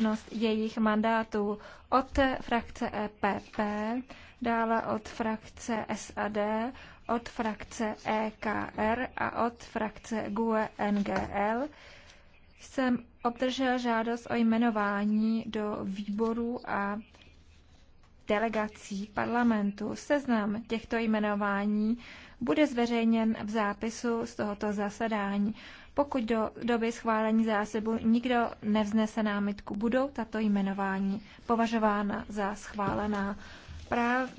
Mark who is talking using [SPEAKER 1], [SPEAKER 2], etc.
[SPEAKER 1] platnost jejich mandátů od frakce EPP, dále od frakce SAD, od frakce EKR a od frakce GUE NGL jsem obdržel žádost o jmenování do výboru a delegací parlamentu. Seznam těchto jmenování bude zveřejněn v zápisu z tohoto zasedání. Pokud do doby schválení zásobu nikdo nevznese námitku, budou tato jmenování považována za schválená. Práv